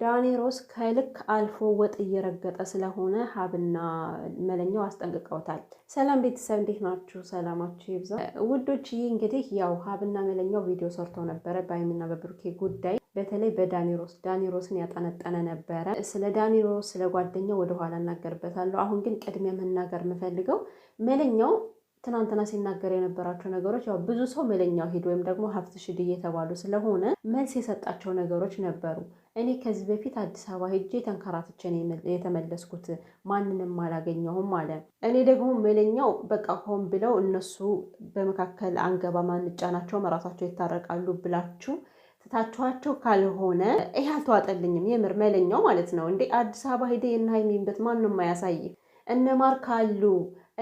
ዳኒ ሮስ ከልክ አልፎ ወጥ እየረገጠ ስለሆነ ሀብና መለኛው አስጠንቅቀውታል። ሰላም ቤተሰብ እንዴት ናችሁ? ሰላማችሁ ይብዛ ይህ እንግዲህ ያው ሀብና መለኛው ቪዲዮ ሰርቶ ነበረ በሀይሚና በብሩኬ ጉዳይ በተለይ በዳኒሮስ ዳኒሮስን ያጠነጠነ ነበረ። ስለ ዳኒሮስ ስለ ጓደኛው ወደኋላ እናገርበታለሁ። አሁን ግን ቅድሚያ መናገር የምፈልገው መለኛው ትናንትና ሲናገር የነበራቸው ነገሮች ያው ብዙ ሰው መለኛው ሂድ ወይም ደግሞ ሀብት ሽድ እየተባሉ ስለሆነ መልስ የሰጣቸው ነገሮች ነበሩ። እኔ ከዚህ በፊት አዲስ አበባ ሄጄ ተንከራትቼ የተመለስኩት ማንንም አላገኘሁም አለ። እኔ ደግሞ መለኛው በቃ ሆን ብለው እነሱ በመካከል አንገባም አንጫናቸውም መራሳቸው ይታረቃሉ ብላችሁ ትታችኋቸው ካልሆነ ይህ አልተዋጠልኝም። የምር መለኛው ማለት ነው እንዴ አዲስ አበባ ሄደ የነ የሚንበት ማንም አያሳይ እነ ማርክ አሉ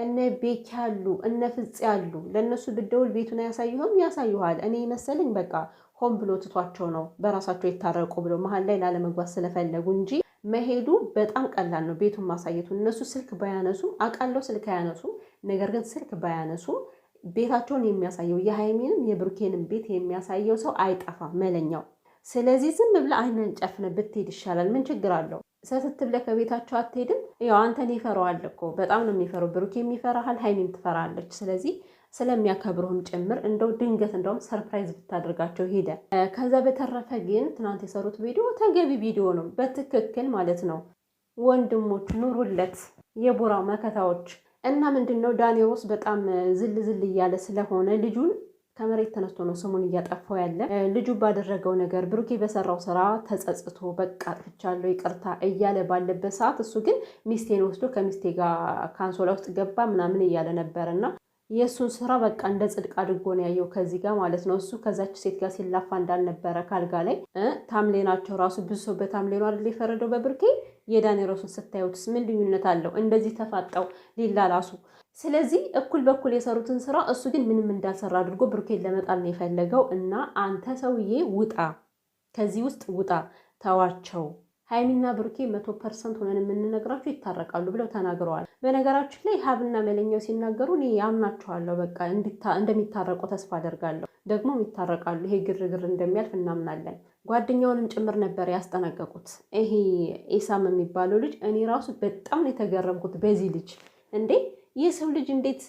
እነ ቤኪ አሉ እነ ፍጽ አሉ። ለእነሱ ብደውል ቤቱን አያሳዩህም? ያሳዩሃል። እኔ መሰለኝ በቃ ሆን ብሎ ትቷቸው ነው በራሳቸው የታረቁ ብሎ መሀል ላይ ላለመግባት ስለፈለጉ እንጂ መሄዱ በጣም ቀላል ነው። ቤቱን ማሳየቱ እነሱ ስልክ ባያነሱም አቃለው ስልክ አያነሱም። ነገር ግን ስልክ ባያነሱም ቤታቸውን የሚያሳየው የሀይሜንም የብሩኬንም ቤት የሚያሳየው ሰው አይጠፋ መለኛው። ስለዚህ ዝም ብለ አይነን ጨፍነ ብትሄድ ይሻላል። ምን ችግር አለው? ሰትት ብለ ከቤታቸው አትሄድም? ያው አንተን ይፈራዋል እኮ በጣም ነው የሚፈረው። ብሩኬም ይፈራሃል፣ ሀይሜም ትፈራለች። ስለዚህ ስለሚያከብሩህም ጭምር እንደው ድንገት እንደውም ሰርፕራይዝ ብታደርጋቸው ሄደ። ከዛ በተረፈ ግን ትናንት የሰሩት ቪዲዮ ተገቢ ቪዲዮ ነው፣ በትክክል ማለት ነው። ወንድሞች ኑሩለት፣ የቡራ መከታዎች እና ምንድን ነው ዳኒሮስ በጣም ዝል ዝል እያለ ስለሆነ ልጁን ከመሬት ተነስቶ ነው ስሙን እያጠፋው ያለ። ልጁ ባደረገው ነገር ብሩኬ በሰራው ስራ ተጸጽቶ በቃ አጥፍቻለሁ ይቅርታ እያለ ባለበት ሰዓት እሱ ግን ሚስቴን ወስዶ ከሚስቴ ጋር ካንሶላ ውስጥ ገባ ምናምን እያለ ነበር እና የእሱን ስራ በቃ እንደ ጽድቅ አድርጎ ነው ያየው ከዚህ ጋር ማለት ነው። እሱ ከዛች ሴት ጋር ሲላፋ እንዳልነበረ ካልጋ ላይ ታምሌናቸው ራሱ ብዙ ሰው በታምሌኑ አይደል የፈረደው በብርኬ የዳኔ ራሱን ስታዩትስ ምን ልዩነት አለው? እንደዚህ ተፋጠው ሊላ ራሱ ስለዚህ እኩል በኩል የሰሩትን ስራ እሱ ግን ምንም እንዳልሰራ አድርጎ ብሩኬን ለመጣል ነው የፈለገው። እና አንተ ሰውዬ ውጣ፣ ከዚህ ውስጥ ውጣ፣ ተዋቸው። ሀይሚና ብሩኬ መቶ ፐርሰንት ሆነን የምንነግራቸው ይታረቃሉ ብለው ተናግረዋል። በነገራችን ላይ ሀብና መለኛው ሲናገሩ እኔ ያምናቸዋለሁ። በቃ እንደሚታረቁ ተስፋ አደርጋለሁ። ደግሞም ይታረቃሉ። ይሄ ግርግር እንደሚያልፍ እናምናለን። ጓደኛውንም ጭምር ነበር ያስጠነቀቁት። ይሄ ኢሳም የሚባለው ልጅ እኔ ራሱ በጣም ነው የተገረምኩት በዚህ ልጅ። እንዴ ይህ ሰው ልጅ እንዴት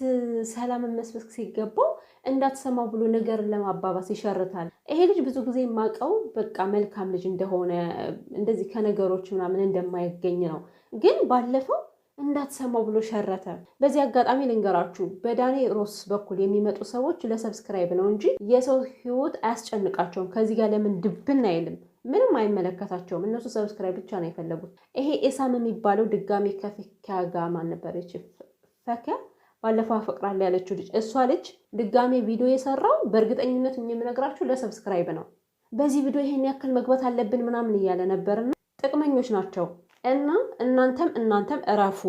ሰላምን መስበክ ሲገባው እንዳትሰማው ብሎ ነገርን ለማባባስ ይሸርታል። ይሄ ልጅ ብዙ ጊዜ የማውቀው በቃ መልካም ልጅ እንደሆነ እንደዚህ ከነገሮች ምናምን እንደማይገኝ ነው። ግን ባለፈው እንዳትሰማው ብሎ ሸረተ። በዚህ አጋጣሚ ልንገራችሁ፣ በዳኔ ሮስ በኩል የሚመጡ ሰዎች ለሰብስክራይብ ነው እንጂ የሰው ህይወት አያስጨንቃቸውም። ከዚህ ጋር ለምን ድብን አይልም። ምንም አይመለከታቸውም። እነሱ ሰብስክራይብ ብቻ ነው የፈለጉት። ይሄ ኤሳም የሚባለው ድጋሜ ከፍኪያ ጋር ማን ነበር? ፈኪያ ባለፈው አፈቅራለሁ ያለችው ልጅ እሷ ልጅ ድጋሜ ቪዲዮ የሰራው በእርግጠኝነት የምነግራችሁ ለሰብስክራይብ ነው። በዚህ ቪዲዮ ይሄን ያክል መግባት አለብን ምናምን እያለ ነበርና ጥቅመኞች ናቸው እና እናንተም እናንተም እረፉ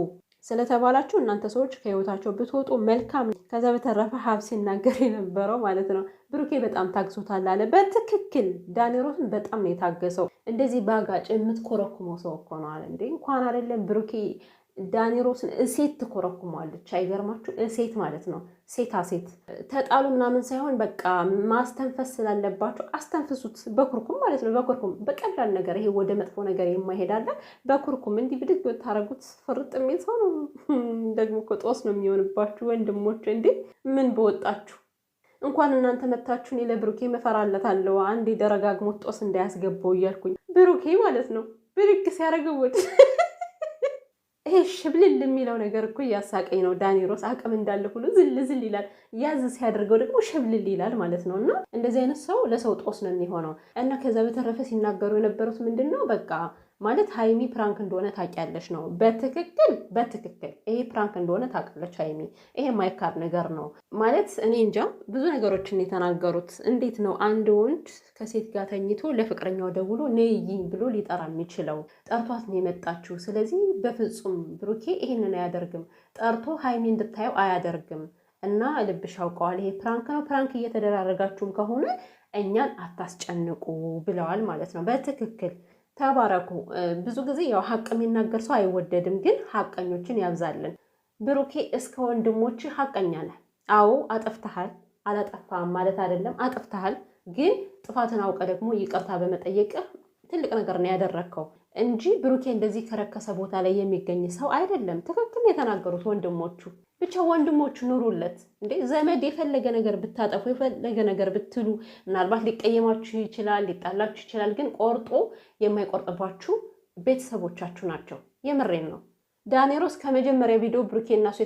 ስለተባላችሁ እናንተ ሰዎች ከህይወታቸው ብትወጡ መልካም። ከዛ በተረፈ ሀብ ሲናገር የነበረው ማለት ነው ብሩኬ በጣም ታግሶታል አለ። በትክክል ዳኔሮትን በጣም ነው የታገሰው። እንደዚህ ባጋጭ የምትኮረኩመው ሰው እኮ ነው አለ እንዴ እንኳን አይደለም ብሩኬ ዳኒሮስን እሴት ትኮረኩማለች። አይገርማችሁ? እሴት ማለት ነው ሴት ሴት ተጣሉ ምናምን ሳይሆን በቃ ማስተንፈስ ስላለባቸው አስተንፍሱት በኩርኩም ማለት ነው። በኩርኩም በቀላል ነገር ይሄ ወደ መጥፎ ነገር የማይሄዳለ በኩርኩም እንዲህ ብድግ ብታረጉት ፍርጥ የሚል ሰው ነው። ደግሞ እኮ ጦስ ነው የሚሆንባችሁ ወንድሞች። እንዴ ምን በወጣችሁ እንኳን እናንተ መታችሁ። እኔ ለብሩኬ መፈራለታለሁ። አንዴ ደረጋግሞት ጦስ እንዳያስገባው እያልኩኝ ብሩኬ ማለት ነው ብድግ ሲያደርገው ይሄ ሽብልል የሚለው ነገር እኮ እያሳቀኝ ነው። ዳኒሮስ አቅም እንዳለ ሁሉ ዝል ዝል ይላል፣ ያዝ ሲያደርገው ደግሞ ሽብልል ይላል ማለት ነው። እና እንደዚህ አይነት ሰው ለሰው ጦስ ነው የሚሆነው። እና ከዛ በተረፈ ሲናገሩ የነበሩት ምንድን ነው በቃ ማለት ሀይሚ ፕራንክ እንደሆነ ታውቂያለሽ ነው። በትክክል በትክክል ይሄ ፕራንክ እንደሆነ ታውቃለች ሀይሚ። ይሄ ማይካድ ነገር ነው ማለት እኔ እንጃ። ብዙ ነገሮችን የተናገሩት እንዴት ነው አንድ ወንድ ከሴት ጋር ተኝቶ ለፍቅረኛው ደውሎ ነይ ብሎ ሊጠራ የሚችለው? ጠርቷት ነው የመጣችው። ስለዚህ በፍጹም ብሩኬ ይሄንን አያደርግም። ጠርቶ ሀይሚ እንድታየው አያደርግም። እና ልብሽ አውቀዋል። ይሄ ፕራንክ ነው። ፕራንክ እየተደራረጋችሁም ከሆነ እኛን አታስጨንቁ ብለዋል ማለት ነው በትክክል ተባረኩ። ብዙ ጊዜ ያው ሀቅ የሚናገር ሰው አይወደድም፣ ግን ሀቀኞችን ያብዛልን። ብሩኬ እስከ ወንድሞች ሀቀኛ ነህ። አዎ አጠፍተሃል፣ አላጠፋም ማለት አይደለም፣ አጠፍተሃል። ግን ጥፋትን አውቀ ደግሞ ይቅርታ በመጠየቅህ ትልቅ ነገር ነው ያደረግከው። እንጂ ብሩኬ እንደዚህ ከረከሰ ቦታ ላይ የሚገኝ ሰው አይደለም። ትክክል የተናገሩት ወንድሞቹ። ብቻ ወንድሞቹ ኑሩለት እንዴ! ዘመድ የፈለገ ነገር ብታጠፉ፣ የፈለገ ነገር ብትሉ፣ ምናልባት ሊቀየማችሁ ይችላል፣ ሊጣላችሁ ይችላል። ግን ቆርጦ የማይቆርጥባችሁ ቤተሰቦቻችሁ ናቸው። የምሬን ነው። ዳኔሮስ ከመጀመሪያ ቪዲዮ ብሩኬ እና እሱ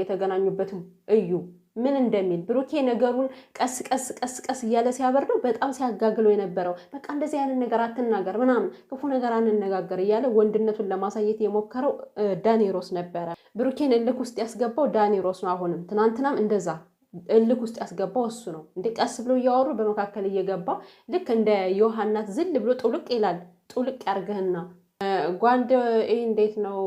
የተገናኙበትም እዩ ምን እንደሚል ብሩኬ ነገሩን ቀስ ቀስ ቀስ ቀስ እያለ ሲያበርደው በጣም ሲያጋግለው የነበረው በቃ እንደዚህ አይነት ነገር አትናገር ምናምን ክፉ ነገር አንነጋገር እያለ ወንድነቱን ለማሳየት የሞከረው ዳኒሮስ ነበረ። ብሩኬን እልክ ውስጥ ያስገባው ዳኒሮስ ነው። አሁንም ትናንትናም እንደዛ እልክ ውስጥ ያስገባው እሱ ነው። እንደ ቀስ ብሎ እያወሩ በመካከል እየገባ ልክ እንደ ዮሐናት ዝል ብሎ ጥውልቅ ይላል። ጥውልቅ ያርገህና ጓንድ ይህ እንዴት ነው